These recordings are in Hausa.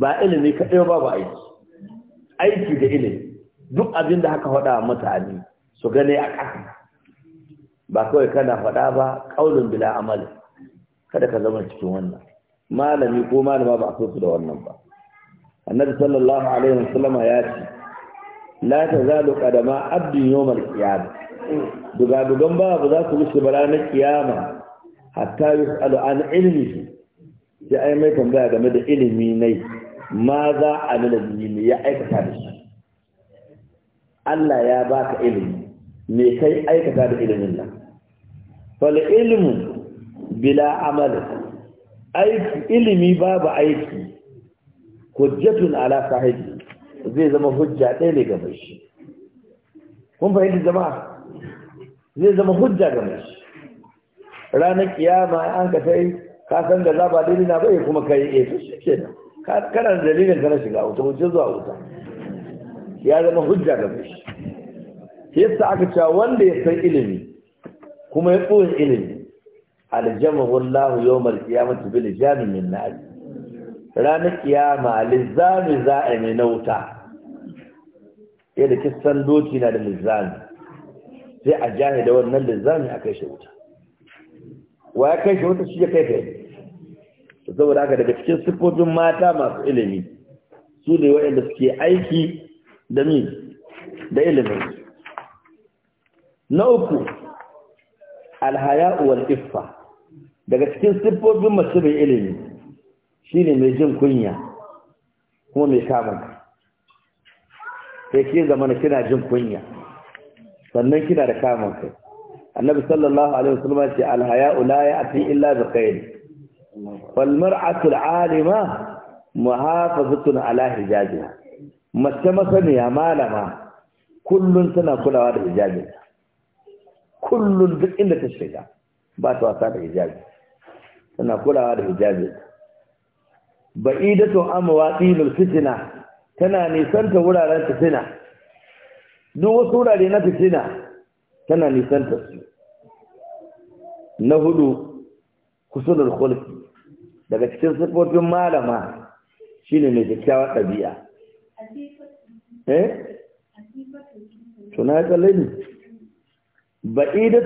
ba ilimi kaɗai ba ba aiki aiki da ilimi duk abin da haka faɗa mutane su gane a ƙasa ba kawai kana faɗa ba ƙaunin bila amali kada ka zama cikin wannan malami ko malama ba a so su da wannan ba annabi sallallahu alaihi wasallama ya ce la tazalu qadama abdi yawmal qiyamah dugan ba ba za su wuce ba na kiyama hatta yus'alu an ilmihi sai ai mai tambaya game da ilimi nai ma za a nuna me ya aikata da shi Allah ya baka ilimi me kai aikata da ilimin nan fal ilmu bila amal aiki ilimi babu aiki hujjatun ala sahibi zai zama hujja ɗaya ne ga mai shi kun fahimta jama'a zai zama hujja ga mai shi ranar kiyama an ka sai ka san da zaba dalila ba ya kuma kai eh shi kenan kana dalilin kana shiga wuta wuce zuwa wuta ya zama hujja ga shi yasa aka cewa wanda ya san ilimi kuma ya tsohon ilimi aljama wallahu yawmal qiyamati bil jami min nar ranar kiyama lizami za'imi na wuta yadda kisan doki na da lizami sai a da wannan lizami a kai shi wuta wa ya kai shi wuta shi ya kai kai to saboda haka daga cikin siffofin mata masu ilimi su ne waɗanda suke aiki da mi da ilimin na uku alhaya wal iffa daga cikin siffofin mace mai ilimi shine mai jin kunya kuma mai kamun kai ke zamana kina jin kunya sannan kina da kamun kai annabi sallallahu alaihi wasallam ya ce alhaya la ya'ti illa bi khair falmar'atul alima muhafazatun ala hijabiha mace masaniya malama kullun tana kulawa da hijabinta kullun duk inda ta shiga ba ta wasa da hijabi tana kulawa da hijabinta ba'idatu amwaqinul fitna tana nisanta wuraren fitina duk wasu wurare na fitina tana nisanta su na hudu da khulqi daga cikin sifofin malama shine mai kyakkyawar ɗabi'a eh tuna kalle ne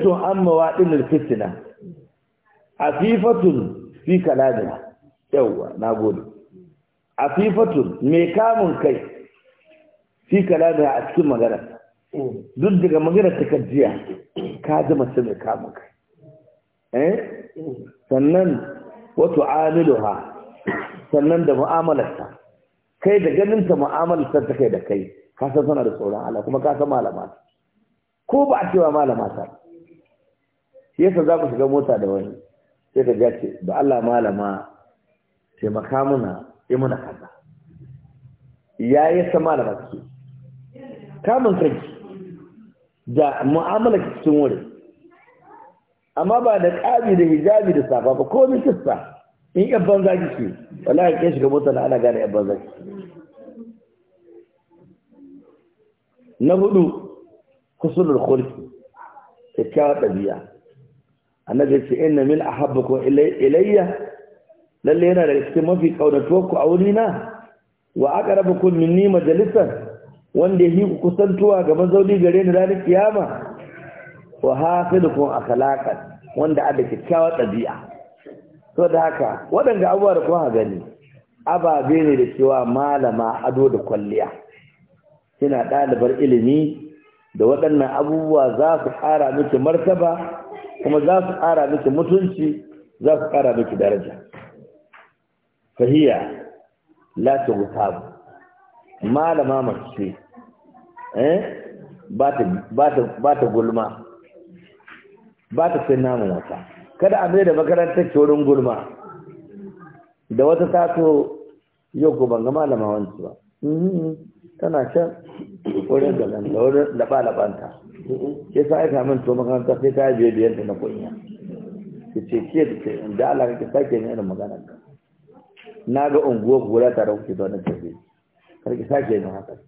tun an mawaɗin fitina fifatun fi kalamina yawwa na gode fifatun mai kamun kai fi kalamina a cikin magana duk daga magana ta kajiya ka zama su mai kamun kai eh sannan wato tu'amiluha sannan da mu'amalarta kai da ganin ta mu'amalarta ta kai da kai ka san sana da tsoron Allah kuma ka san malama ko ba a cewa malama ta shi yasa za ku shiga mota da wani sai ka ce da Allah malama taimaka muna yi muna kaza ya yi sama da masu kamun kanki da mu'amala cikin wurin amma ba da ƙabi da hijabi da safa ba komi in ƴan banza kike wallahi ke shiga mota na ana gane ƴan banza na hudu kusurul khulqi kyakkyawar ɗabi'a annabi ce inna min ahabbakum ilayya lalle yana da cikin mafi kaunatuwarku a na wa aqrabukum minni majalisan wanda yake ku kusantuwa ga mazauni gare ni ranar kiyama wa hafilukum akhlaqan wanda ada kyakkyawar ɗabi'a to da haka waɗanda abubuwa da kuma gani ababe ne da cewa malama ado da kwalliya kina ɗalibar ilimi da waɗannan abubuwa za su ƙara miki martaba kuma za su ƙara miki mutunci za su ƙara miki daraja fahiya la tughtab malama mace eh ba ba ta ba ta gulma ba ta sai namun wata kada a mai da makarantar wurin gulma da wata tato yau ko ban ga malama wancu ba mm-hmm. tana can wurin nan da wurin laba-labanta ya sa aika min to makarantar sai ta biye biyan ta na kunya ki ce ke da ce da Allah ka sake ne irin maganarka. na ga unguwa gura tare kuke da wannan tafiya kar ki sake ne haka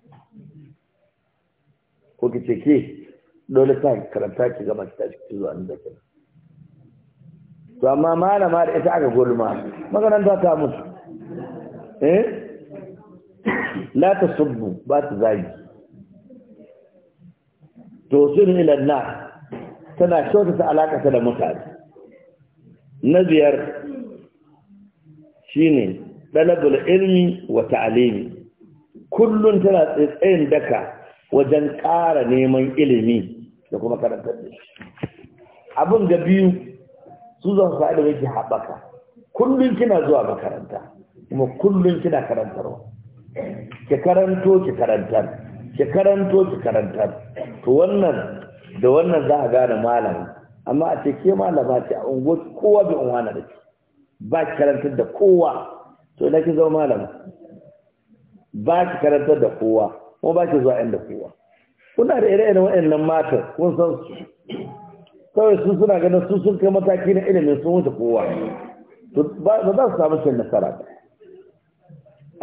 ko ki ce ke dole ka karanta ki gaba ki tashi zuwa inda to amma malama da ita aka gulma makaranta ta mutu eh la tasubbu ba ta zagi to sun ila na tana kyautata alaka ta da mutane na biyar shine dalabul ilmi wa ta'alimi kullun tana tsayin daka wajen ƙara neman ilimi da kuma karantar da shi abin ga biyu su zan faɗi yake haɓaka kullum kina zuwa makaranta kuma kullum kina karantarwa ki karanto ki karantar ki karanto ki karantar to wannan da wannan za a gane malami amma a ce ke malama ce a unguwar kowa bai unwana da ke ba ki karantar da kowa to ina ki zama malama ba ki karantar da kowa kuma ba ki zuwa inda kowa kuna da ire-iren waɗannan mata kun san su kawai su suna ganin su sun kai mataki na ilimin sun wuce kowa ba za su samu shi nasara ba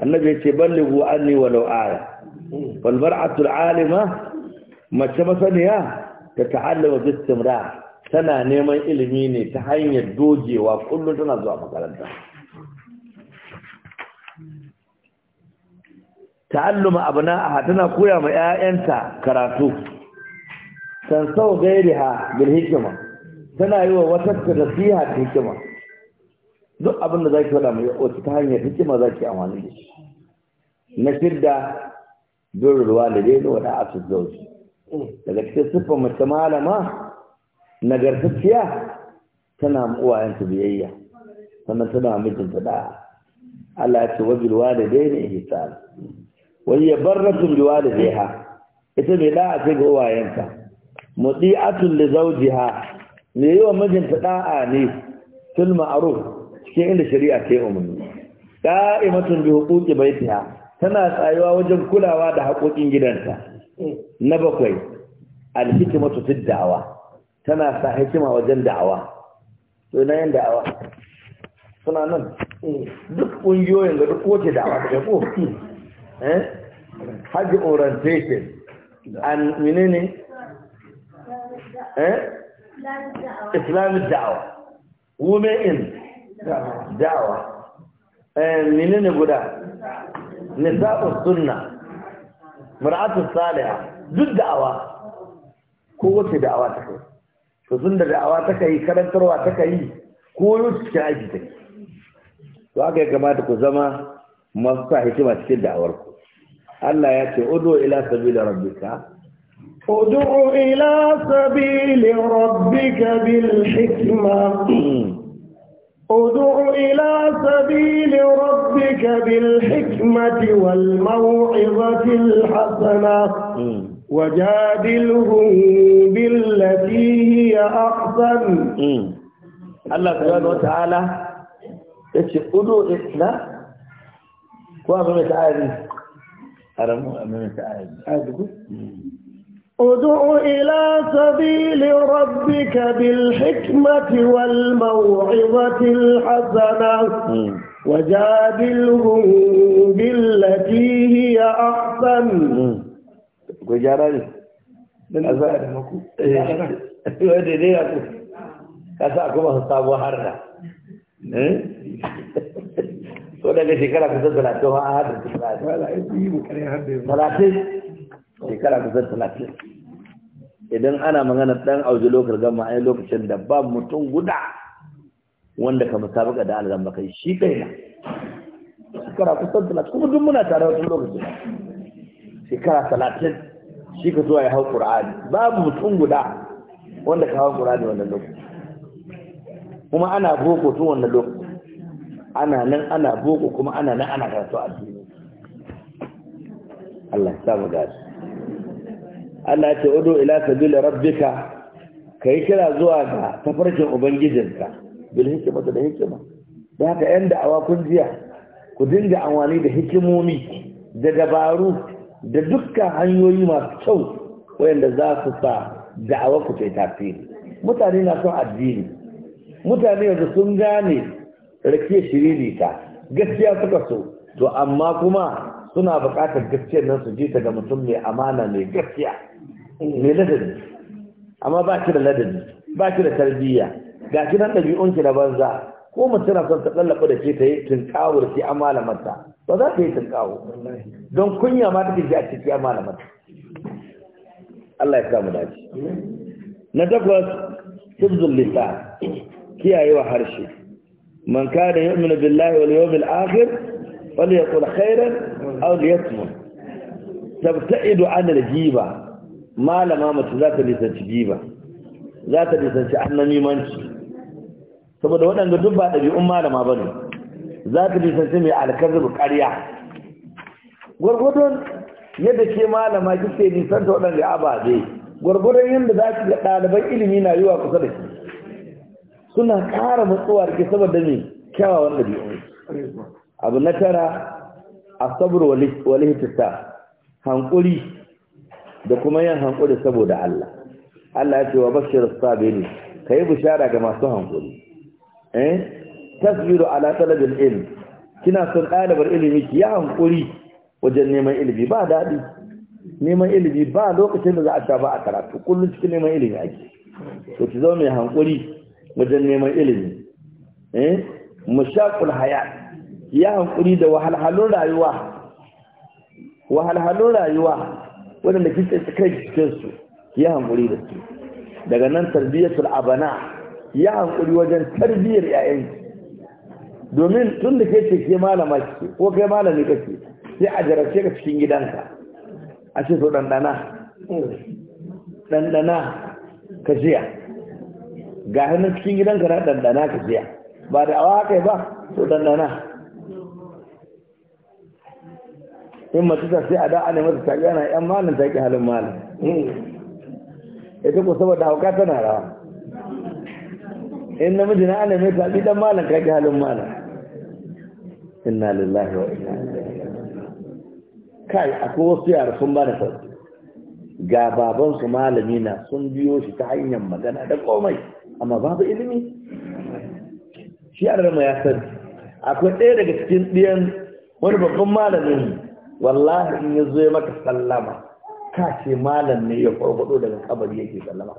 annabi ya ce ballighu anni wa aya wal mar'atu alima mace masaniya ta ta'allama bi istimrar tana neman ilimi ne ta hanyar dogewa kullum tana zuwa makaranta ta'alluma abna'aha tana koya ma ƴaƴanta karatu tansau gairiha bil hikima tana yi wa wata nasiha ta hikima duk abin da zaki faɗa mai wata ta hanyar hikima zaki amfani da shi na da dai ne wa da'atul zauji daga cikin siffar mace malama nagartacciya tana uwayenta biyayya sannan tana mijinta da'a Allah ya ce wajen wajil ne ihsan wai ya barratun zai ha? ita mai da'a ce ga uwayenta muti'atun li zawjiha me yi wa mijinta da'a ne fil ma'ruf cikin inda shari'a ta yi umarni da'imatun bi huquqi baitiha tana tsayuwa wajen kulawa da haƙoƙin gidanta na bakwai alhikimatu fid da'wa tana sa hikima wajen da'awa to na yin da'awa suna nan duk ƙungiyoyin da duk wace da'awa ta ko Eh? hajji orientation an menene eh? islamic da'awa women in da'awa eh, menene guda nisa'ul sunna mar'atul saliha duk da'awa wace da'awa ta kai to sun da da'awa ta kai karantarwa ta kai koyo cikin aiki ta to aka yi kamata ku zama masu sa hikima cikin da'awarku Allah ya ce udu ila sabila rabbika udu ila sabila rabbika bil hikma udu ila sabila rabbika bil hikmati wal maw'izati al hasana wajadilhum billati hiya ahsan Allah subhanahu wa ta'ala yace udu ila وأمامة عادي أرموا أمامة عادي عادي ادع إلى سبيل ربك بالحكمة والموعظة الحسنة وجادلهم بالتي هي أحسن وجادل من أزائر مكو wadda dai ya ku ka sa kuma so daga shekara kusan talatin a hadin talatin talatin shekara kusan talatin idan ana magana dan auji lokar gama a lokacin da ba mutum guda wanda ka musabaka da alzamba kai shi kai na shekara kusan talatin kuma duk muna tare wata lokacin shekara talatin shi ka zuwa ya hau ƙur'ani babu mutum guda wanda ka hau ƙur'ani wannan lokacin kuma ana boko tun wannan lokacin ana nan ana boko kuma ana nan ana karatu addini Allah ya samu gadi Allah ya ce udu ila sabil rabbika kai kira zuwa ga tafarkin ubangijinka bil hikma da hikma da haka yan awa kun jiya ku dinga amfani da hikimomi da dabaru da dukkan hanyoyi masu kyau wayanda za su sa da'awa ku ta tafi mutane na son addini mutane yanzu sun gane rake shiririta gaskiya suka so to amma kuma suna buƙatar gaskiyar nan su jita ga mutum mai amana mai gaskiya mai ladabi amma ba ki da ladabi ba ki da tarbiyya ga ki nan ɗabi'un ki na banza ko mutum na son ta tsallaka da ke ta yi tunkawar ki a malamarta ba za ta yi tunkawo don kunya ma ta ji a ciki a malamarta Allah ya samu dace na takwas hibzul lisan kiyayewa harshe man kana yu'minu billahi wal yawmil akhir falyaqul khairan aw liyasmut tabta'idu a al-ghiba malama mace za ta lisanci giba za ta lisanci annamimanci saboda waɗanda duk ba ɗabi'un malama ba ne za ta lisanci mai alkazir ƙarya gwargwadon yadda ke malama kike nisanta waɗanda ababe gwargwadon yadda za ki ga ɗaliban ilimi na yiwa kusa da shi suna ƙara matsuwa da ke saboda mai kyawawan ɗabi'un abu na tara a sabar walihitata hankuri da kuma yin hankuri saboda Allah Allah ya ce wa bashir sabiri ka yi bishara ga masu hankuri eh tasbiru ala talabil ilm kina son ɗalibar ilimi ki yi hankuri wajen neman ilimi ba daɗi neman ilimi ba lokacin da za a sha ba a karatu kullum cikin neman ilimi ake to ki zama mai hankuri wajen neman ilimi eh mushaqul hayat ya hankuri da wahalhalun rayuwa wahalhalun rayuwa waɗanda kike kai cikin su ya hankuri da su daga nan tarbiyatul abana ya hankuri wajen tarbiyyar ƴaƴan domin tun da kake ke malama kike ko kai malami kake sai a jarace ka cikin gidanka a ce so dandana dandana ka jiya ga hannun cikin gidanka na ɗanɗana ka siya ba da awa haka ba to ɗanɗana in mace ta sai a da ana mata taƙi ana ƴan malin taƙi halin malin hmm. ita ko saboda hauka tana rawa in namiji na ana mai taƙi ɗan malin taƙi halin malin inna lillahi wa inna kai akwai wasu yara sun ba da sauki ga babansu malami na sun biyo shi ta hanyar magana da komai amma babu ilimi shi an rama ya sani akwai ɗaya daga cikin ɗiyan wani babban malamin wallahi in ya zo ya maka sallama ka ce malam ne ya farfado daga kabari yake sallama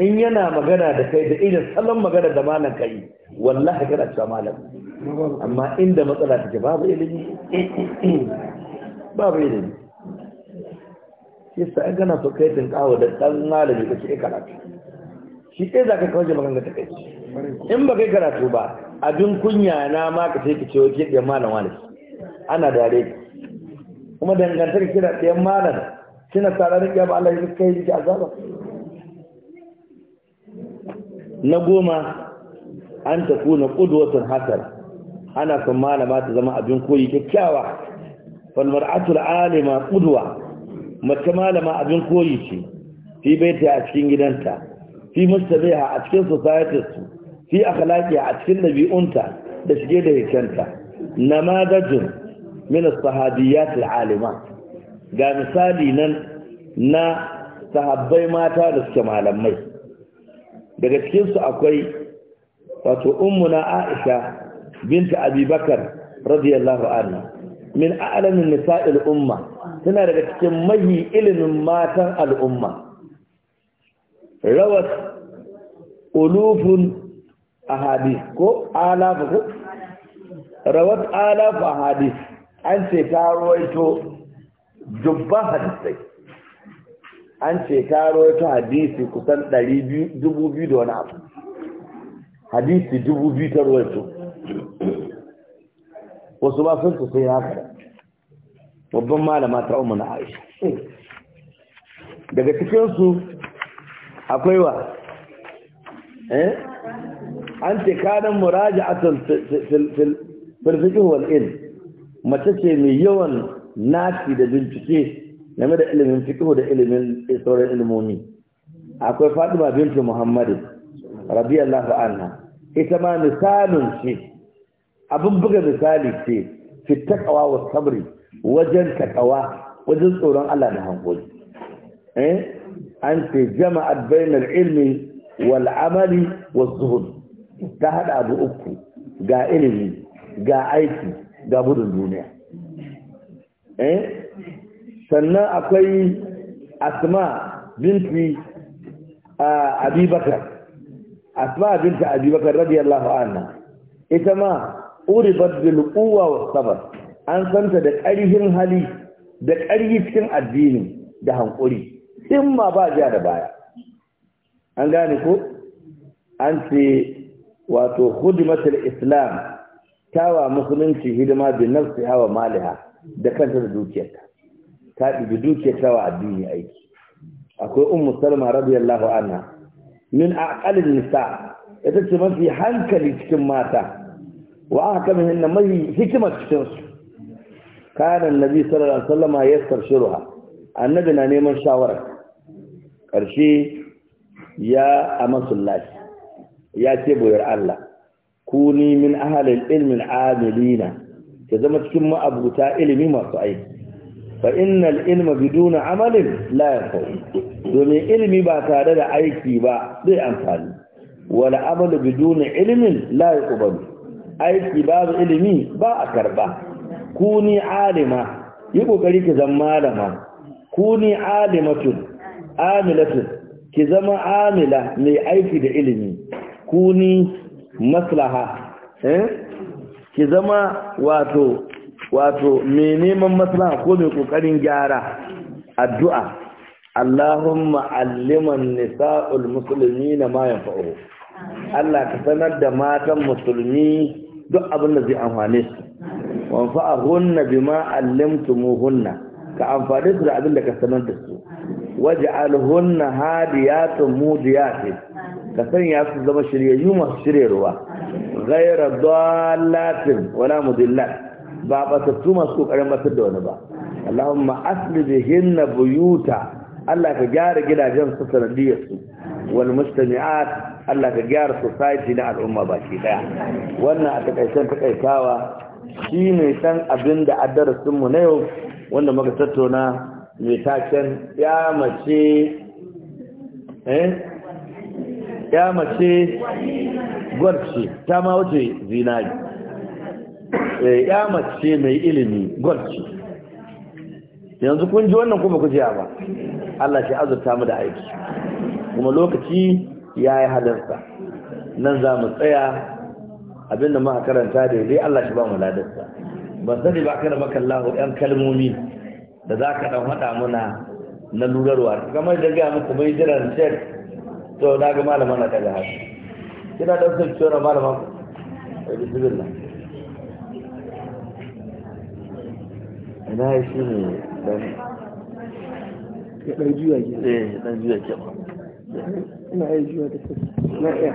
in yana magana da kai da irin salon magana da malam kai wallahi kana cewa malam amma inda matsala take babu ilimi babu ilimi yasa an gana so kai kawo da dan malami kace eh, karatu shi ɗaya za ka kawace magana ta kai in ba kai karatu ba abin kunya na ma ka ce ka ce wa kiɗin malam wani ana dare kuma dangantar kira ɗayan malam suna tsara da ba Allah ya kai jiki azaba na goma an ta kuna ƙudwatun hasar ana son malama ta zama abin koyi kyakkyawa falmar atul alima ƙudwa mace malama abin koyi ce fi ta a cikin gidanta fi mustabiha a cikin societies su fi akhlaqiha a cikin dabi'unta da shige da hikanta namadajun min as-sahabiyat al ga misali nan na sahabbai mata da suke malamai daga cikin su akwai wato ummuna Aisha binta abubakar radiyallahu anha min a'lamin nisa'il umma tana daga cikin mahi ilimin matan al'umma rawat ulufun ahadis ko alafu ko rawat alafu ahadis an ce ta rawaito dubban hadisai an ce ta rawaito hadisi kusan 200 da wani abu hadisi 2000 ta rawaito wasu ba sun su sai haka babban malama ta umar na aisha daga cikinsu akwai wa eh an ce kanan muraja'atul fil fil wal in mace ce mai yawan nati da bincike game da ilimin fiqh da ilimin sauran ilmomi akwai Fatima bintu Muhammad radiyallahu anha ita ma misalun ce abin buga misali ce fi taqwa wa sabri wajen taqwa wajen tsoron Allah da hankali eh an ce jama'at bainal ilmi wal'amari amali waz ta hada abu uku ga ilimi ga aiki ga gudun duniya sannan akwai asma binti abubakar asma binti abubakar radiyallahu anha ita ma uribat bil quwwa an santa da ƙarfin hali da ƙarfi cikin addini da hankuri in ma ba jiya da baya an gane ko an ce wato hudimatul islam tawa musulunci hidima bi nafsi hawa maliha da kanta da dukiyarta ta ɗibi dukiyar tawa addini aiki akwai ummu salma radiyallahu anha min aqalin nisa ita ce mafi hankali cikin mata wa aka kama hinna mai hikimar cikin su kanan nabi sallallahu alaihi wasallama ya shiruha annabi na neman shawarar. ƙarshe ya amasullahi ya ce buyar Allah ku ni min ahalin ilmin amilina ta zama cikin ma'abuta ilimi masu aiki fa innal ilma biduna amalin la yanfa domin ilimi ba tare da aiki ba zai amfani wala amalu biduna ilmin la yuqbal aiki babu ilimi ba a karba ni alima yi kokari ki zama malama kuni alimatun amilatu ki zama amila mai aiki da ilimi kuni maslaha eh ki zama wato wato mai neman maslaha ko mai kokarin gyara addu'a Allahumma alliman nisa'ul muslimina ma yanfa'u Allah ka sanar da matan musulmi duk abin da zai amfane su wanfa'ahunna bima allamtumuhunna ka amfane su da abin da ka sanar da su Waje waj'alhunna hadiyatun mudiyatin ka sanya su zama shiryayyu masu shiryarwa ghayra dallatin wala mudillat ba tuma su ƙarin batar da wani ba Allahumma asli bihinna buyuta Allah ka gyara gidajen su sanadiyar su wal mustami'at Allah ka gyara society na al'umma ba shi daya wannan a takaicen takaitawa shine san abin da addarasin mu na yau wanda muka tattauna mai taken ya mace eh? ya mace gwarce ta ma wuce zinari eh, ya mace mai ilimi gwarce yanzu kun ji wannan kuma ku jiya ba Allah ke azurta mu da aiki kuma lokaci ya yi halarsa nan za mu tsaya abinda ma karanta yi Allah shi ba mu ladarsa ban sani ba kana makallahu yan ɗan kalmomi da za ka ɗan haɗa muna na lurarwa kamar da gaya muku mai jiran shek to na ga malama na daga haka kina ɗan sun ciwo na malama ku a yi bisimila ina yi shi ne ɗan ɗan juya ke eh, ɗan juya ke ba ina yi juya da sassa na ɗaya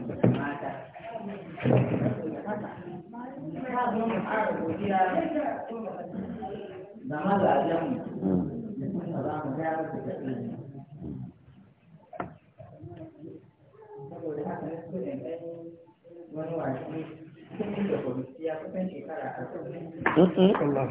zo mu fara godiya da mazajen mu da kuma za mu Saboda haka na so da ɗan wani wasu sun da kwamitiya kusan shekara a kan Allah.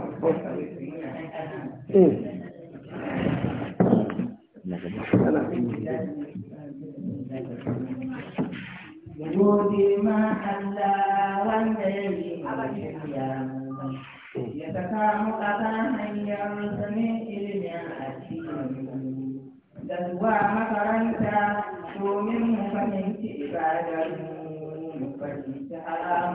عبادا فالانتهام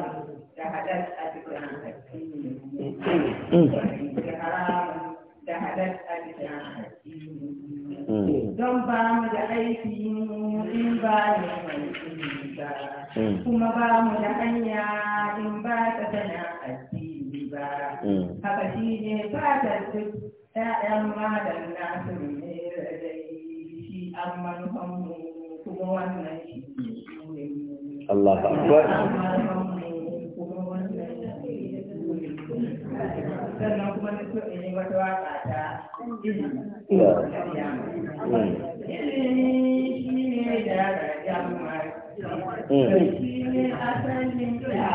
don ba mu da aiki in ba ne kuma ba mu da hanya in ba ta tana addini ba haka shi ne fatar duk ‘ya'yan malam nasu ne da shi an manufan mu kuma wannan Allah akbar sannan kuma na so in yi wata ta ilimi shi ne da rajamar shi ne asalin da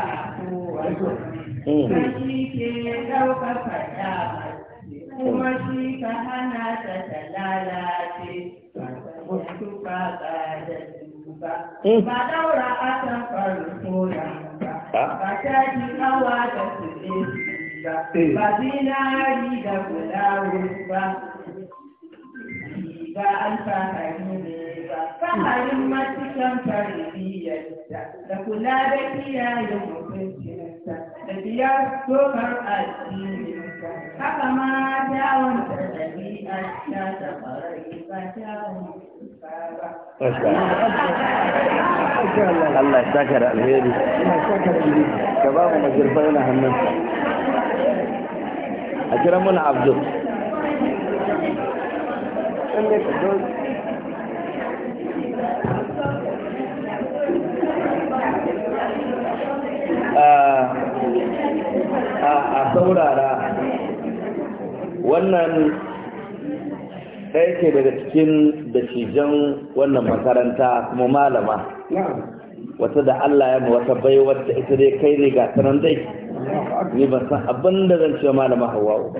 kuma shi ka hana ta ta ka Hmm. ba daura a kan farfora ba ba ta ji kawa da su ba eh. ba zinari da kulawo ba ba alfahari ne ba faharin hmm. matukan farfiyarsa da kula da kiyaye mutuncinsa da biyar dokar addininsa haka ma kyawun da ɗabi'ar ta ta farai ba kyawun Allah ya alheri ka ba mu hannun a kira mana abdul a saurara wannan ɗaya ke daga cikin dattijan wannan makaranta kuma malama wata da Allah ya ma wata bai wata ita dai kai ne ga sanan dai ni ban san abin da zan ce malama Hawwa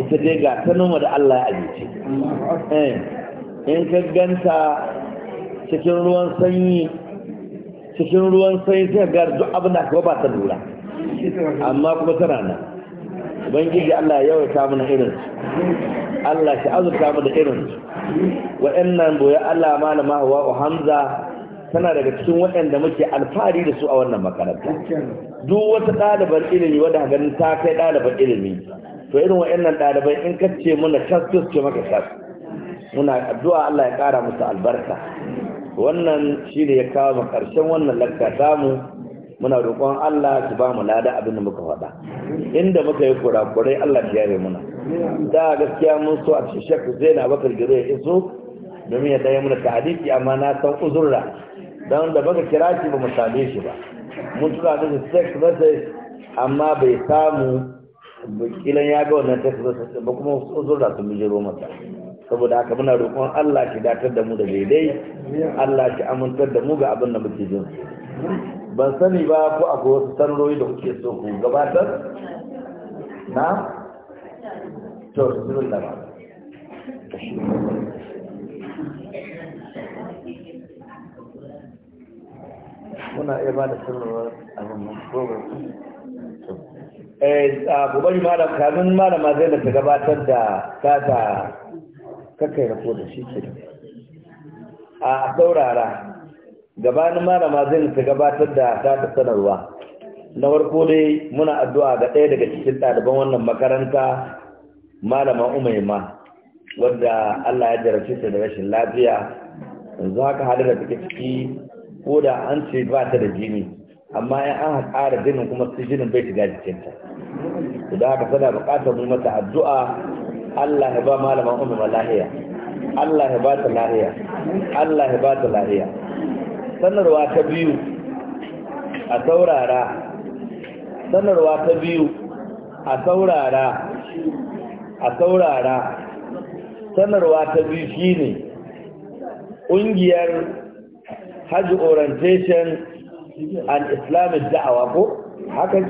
ita dai ga sanan da Allah ya ajiye eh in ka ganta cikin ruwan sanyi cikin ruwan sanyi sai ga duk abin da ka ba ta lura amma kuma tana nan ubangiji Allah ya yawaita mana irin Allah shi azurta mu da irin waɗannan boye Allah malama Hawwa Hamza tana daga cikin waɗanda muke alfahari da su a wannan makaranta duk wata ɗaliban ilimi wanda ganin ta kai ɗaliban ilimi to irin waɗannan ɗalibai in ka ce muna kaskus ce maka kas muna addu'a Allah ya ƙara musu albarka wannan shi ne ya kawo mu ƙarshen wannan lakka tamu muna roƙon Allah su ba mu lada abin da muka faɗa inda muka yi kurakurai Allah ya yare muna da gaskiya mun so a cikin shakku zai na bakar gare ya iso domin ya ɗaya muna ta'adiki amma na san uzurra don da baka kira shi ba mu same shi ba mun tura da sex message amma bai samu kilan ya ga wannan sex message ba kuma uzurra sun jiro masa saboda haka muna roƙon Allah ki datar da mu da daidai Allah ki amintar da mu ga abin da muke jin ban sani ba ko akwai wasu sanarori da kuke so ku gabatar na to zuru da ba muna iya ba da program eh abu bari malam kamin malama zainab ta gabatar da tata kakai rako da shi ke da. a saurara gabanin malama zai ta gabatar da tata sanarwa na farko dai muna addu'a ga ɗaya daga cikin ɗaliban wannan makaranta malama umaima wadda Allah ya jarabce ta da rashin lafiya yanzu haka halin da take ciki ko da an ce ba ta da jini amma in an haƙara jinin kuma su jinin bai shiga jikinta da haka tana buƙatar mu mata addu'a Allah ya ba malaman umaima lahiya Allah ya ba ta lahiya Allah ya ba ta lahiya sanarwa ta biyu a saurara sanarwa ta biyu a saurara a saurara sanarwa ta biyu shine ƙungiyar hajji orientation and islamic da'awa ko haka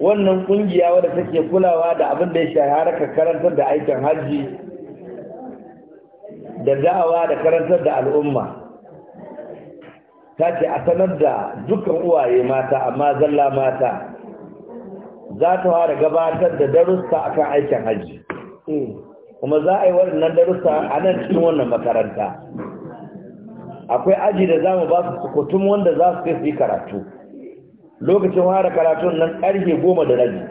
wannan ƙungiya wadda take kulawa da abin da ya shahara ka karantar da aikin hajji da da'awa da karantar da al'umma ta ce a sanar da dukkan uwaye mata amma zalla mata za ta fara gabatar da darussa akan aikin hajji kuma za a yi waɗannan darussa a nan cikin wannan makaranta akwai aji da za mu ba su kutum wanda za su su yi karatu lokacin fara karatun nan ƙarfe goma da rabi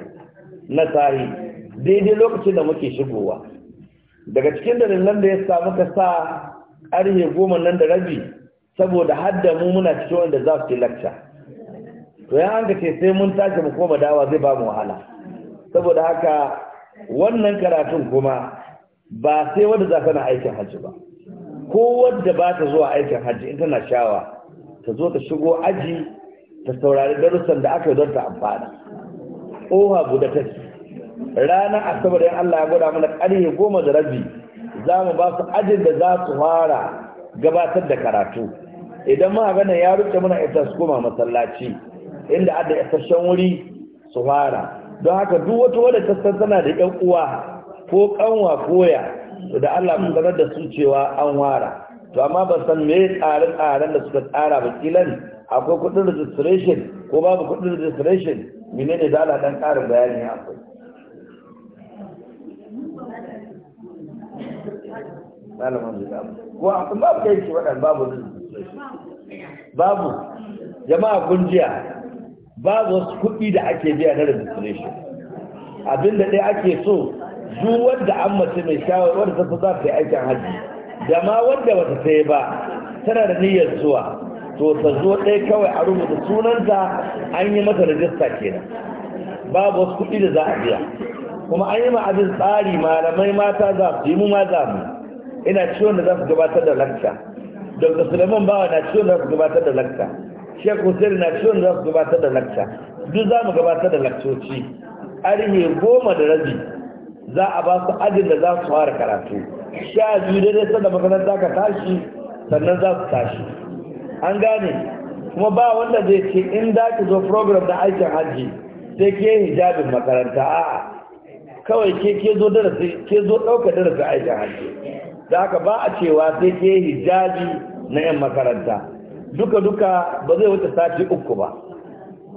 na tsari daidai lokacin da muke shigowa daga cikin dalilan da ya sa muka sa ƙarfe goma nan da rabi saboda hadda mu muna cikin wanda za su yi lakca to ya an ce sai mun tashi mu koma dawa zai ba mu wahala saboda haka wannan karatun kuma ba sai wanda za na aikin hajji ba ko wadda ba ta zuwa aikin hajji in tana shawa ta zo ta shigo aji ta saurari darussan da aka yi don ta amfana Oha guda ta ce ranar asabar yan Allah ya gwada mana ƙarfe goma da rabi za mu ba su ajin da za su fara gabatar da karatu idan ma gana ya rike mana ita su koma masallaci inda ada isasshen wuri su fara don haka duk wata wadda ta san tana da ƴan uwa ko kanwa koya da Allah mun sanar da su cewa an wara to amma ba san me tsare-tsaren da suka tsara ba kilan akwai kudin registration ko babu kudin registration menene da Allah dan ƙarin bayani akwai ko a babu kai shi waɗanda babu babu jama'a kun jiya babu wasu kuɗi da ake biya na registration abinda ɗaya ake so duk wanda an mace mai shawar wanda ta za ta yi aikin hajji da ma wanda ta yi ba tana da niyyar zuwa to ta zo ɗaya kawai a rubuta sunanta an yi mata rajista kenan babu wasu kuɗi da za a biya kuma an yi ma abin tsari malamai mata za su yi mu ma za mu ina ciwon da za su gabatar da lakta dr suleiman bawa na ciwon da za su gabatar da lakta shek hussein na cikin za su gabatar da lakta duk za mu gabatar da lakcoci arihe goma da rabi za a ba su ajin da za su fara karatu sha biyu daidai sanda makaranta ka tashi sannan za su tashi an gane kuma ba wanda zai ce in za ki zo program na aikin hajji sai ke hijabin makaranta a'a kawai ke ke zo darasi ke zo ɗauka darasin aikin hajji da haka ba a cewa sai ke hijabi na 'yan makaranta duka-duka ba zai wuce sati uku ba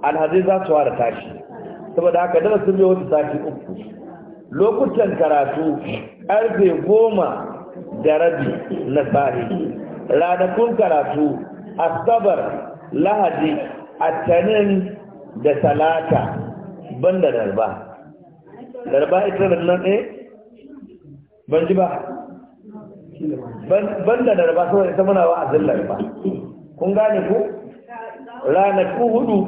alhazai za su wara tashi saboda haka dana sun yi wuce sati uku lokutan karatu ƙarfe goma da rabi na ranakun karatu asabar lahadi atanin da talata ban da darba darba ita da nan eh ban ji ba ban da darba saboda ita mana wa azillar ba kun gane ku ranaku hudu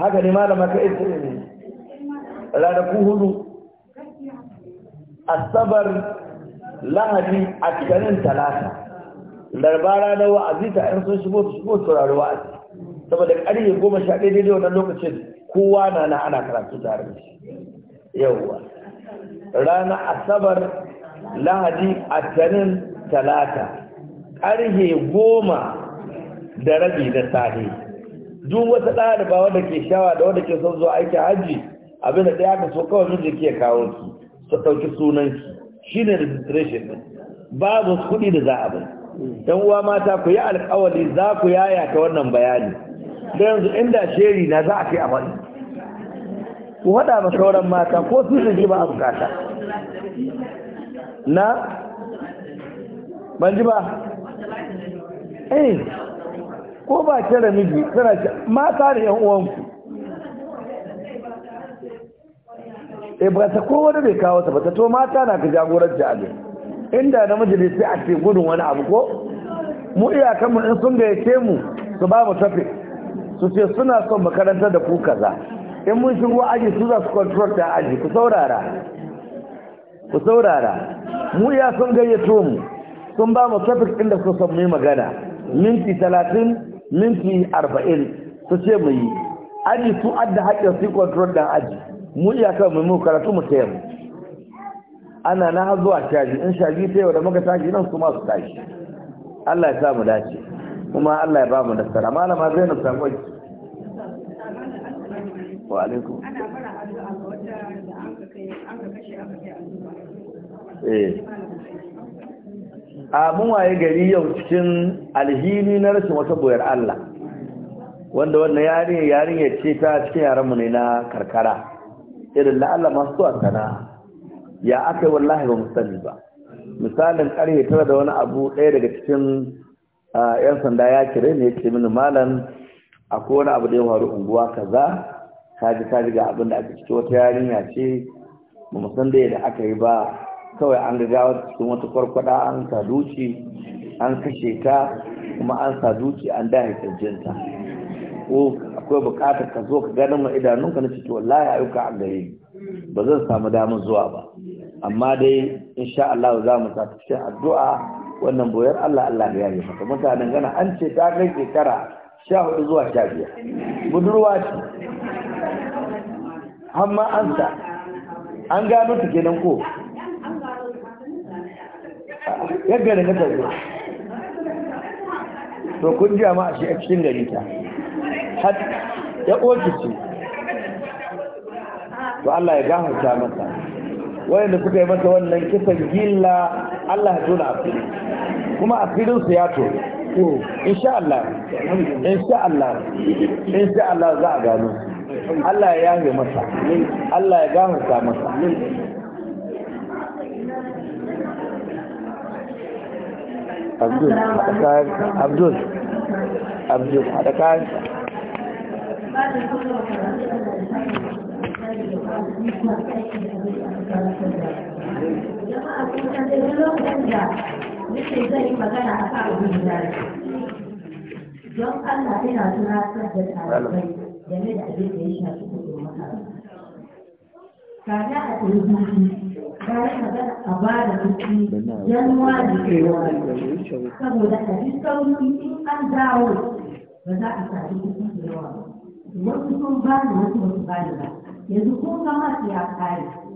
haka ne malama ka isa ne ku hudu asabar lahadi a cikin talata larbara na wa'azi ta yan sun shigo su shigo turare wa'azi saboda ƙarfe goma sha ɗaya daidai wannan lokacin kowa na na ana karatu tare da shi yawwa rana asabar lahadi a talata ƙarfe goma da rabi da sahi duk wata ɗaliba wanda ke shawa da wanda ke son zuwa aiki haji abin da ɗaya ka so kawai mijin ke kawo ki su ɗauki sunanki shi ne registration din babu kuɗi da za a bai ɗan uwa mata ku yi alƙawari za ku yaya ta wannan bayani da yanzu inda sheri na za a kai a ku haɗa ma sauran mata ko su su ji ba a bukata na ban ji ba eh ko ba kira miji suna ce mata da yan uwanku e ba ta ko wani bai kawo ta ba ta to mata na ka jagoranci abin inda na ne sai a ce gudun wani abu ko mu iyakanmu in sun gayyace mu su ba mu tafi su ce suna son makarantar da ku kaza in mun shigo aji su za su control da aji ku saurara ku saurara mu iya sun gayyato mu sun ba mu tafi inda su san mu yi magana minti talatin minti arba'in su ce mu yi aji su adda haƙƙin su control ɗan aji mu iya kan mu karatu mu sayar ana na har zuwa shaji in shaji sai da muka tashi nan su masu tashi Allah ya sa mu dace kuma Allah ya ba mu nasara malama Zainab Sangoji wa alaikum ana fara addu'a ga wata da an ka kashe an ka kashe aka kai addu'a eh a mun waye gari yau cikin alhini na rashin wata boyar Allah wanda wannan yarinya yarinya ce ta cikin yaranmu ne na karkara irin na Allah masu zuwa sana'a ya aka yi wallahi ba musali ba misalin karhe tara da wani abu ɗaya daga cikin yan sanda ya kire ne ya ce mini malam akwai wani abu da ya faru unguwa kaza kaji kaji ga abin da aka ciki wata yarinya ce ba mu da aka yi ba kawai an riga cikin wata kwarkwada an sa duci an kashe ta kuma an sa duci an dahi kajinta ko akwai bukatar ka zo ka ganin mai idanunka na ciki wallahi ayyuka a gare ba zan samu damar zuwa ba amma dai insha Allah za mu sa cikin addu'a wannan boyar Allah Allah ya yi maka mutanen gana an ce ta kai shekara sha hudu zuwa sha biyar budurwa ce amma an sa an gano ta kenan ko yadda da nufar zuwa to kun ji ma a shi a cikin gari ta ya ƙoci ce to Allah ya gafarta masa wayanda suka yi masa wannan kisan gilla Allah ya tona asiri kuma a su ya tona insha Allah insha Allah insha Allah za a gano Allah ya yi masa Allah ya gafarta masa abdul abdul abdul haɗa kayan don Allah yana tunatar da talibai game da abin da ya shafi kudin makaranta. Kada a tarihi kayan magana a ba da kuɗi januwari fewari saboda a ji sauri in an dawo ba za a sami kuɗi da yawa wasu sun ba ni wasu wasu ba ni ba yanzu ko kama ya kare